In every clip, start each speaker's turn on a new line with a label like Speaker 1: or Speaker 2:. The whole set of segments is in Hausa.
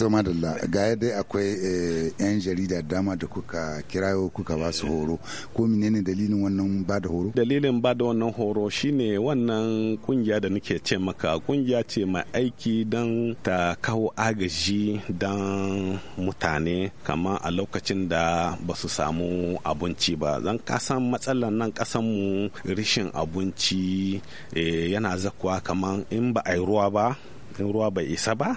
Speaker 1: to madalla ga dai akwai eh, yan jarida dama da kuka kirayo kuka ba su horo ko menene dalilin wannan ba da horo dalilin ba da wannan horo shine wannan kungiya da nake ce maka kungiya ce mai aiki don ta kawo agaji don mutane kamar a lokacin da ba su samu abinci ba zan kasan matsalan nan kasan mu rishin abinci eh, yana zakwa kaman in ba a yi ruwa ba in ruwa bai isa ba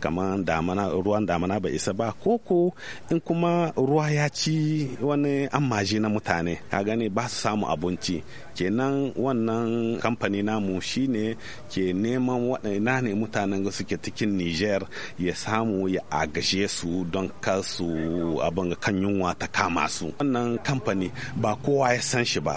Speaker 1: kamar damana ruwan damana bai isa ba koko in kuma ruwa ya ci wani amaji na mutane ka gani ba su samu abinci kenan wannan kamfani namu shine ke neman waɗanda ne mutanen da suke cikin niger ya samu ya agashe su don kasu su abin kan yunwa ta kama su wannan kamfani ba kowa ya san shi ba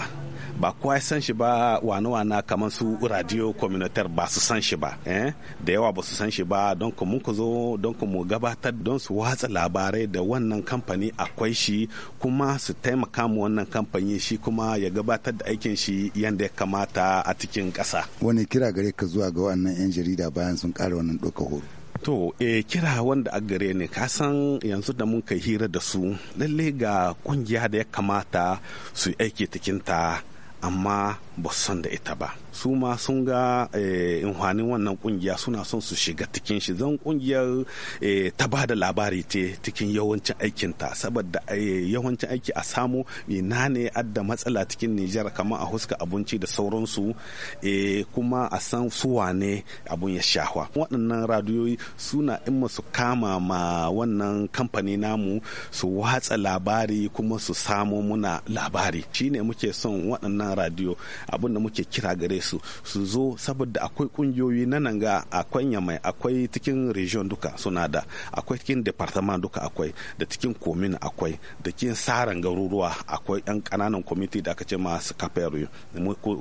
Speaker 1: ba kowa ya san shi ba wani wana kamar su radio communautaire ba su san shi ba eh? da yawa ba su san shi ba don mun ku zo don mu gabatar don su watsa labarai da wannan kamfani akwai shi kuma su taimaka mu wannan kamfani shi kuma ya gabatar da aikin shi yadda ya kamata a cikin ƙasa wani kira gare ka zuwa ga wannan 'yan jarida bayan sun ƙara wannan doka horo To, e, kira wanda a gare ne, ka san yanzu da mun kai hira da su, lalle ga kungiya da ya kamata su aiki tikinta amma ba son da ita ba su ma sun ga inhwanin eh, wannan kungiya suna son su shiga cikin shi zan kungiyar eh, ta ba da labari ce cikin yawancin aikinta saboda eh, yawancin aiki a samu ina ne adda matsala cikin nijar kamar a huska abinci da sauransu kuma a san su wane abun ya shahwa waɗannan radiyoyi suna in su kama ma wannan kamfani namu su watsa labari kuma su samu muna labari shine muke son waɗannan radio abin da muke kira gare su su zo saboda akwai kungiyoyi na nan ga akwai yamai akwai cikin region duka suna da akwai cikin department duka akwai da cikin komin akwai da cikin saran garuruwa akwai yan kananan kwamiti da aka ce masu kafaru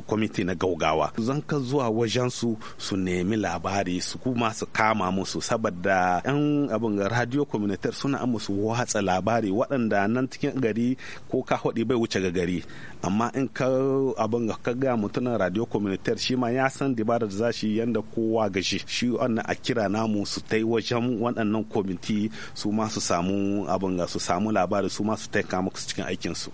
Speaker 1: kwamiti na gaugawa zan ka zuwa wajen su su nemi labari su kuma su kama musu saboda yan abin radio communitar suna musu watsa labari waɗanda nan cikin gari ko ka haɗi bai wuce ga gari amma in ka abin ka ga mutumin radio communitaire shi ma ya san dibarar da za shi yanda kowa gashi shi wannan a kira namu su tai wajen waɗannan kwamiti su ma su samu abin su samu labari su ma su taika muku cikin aikinsu.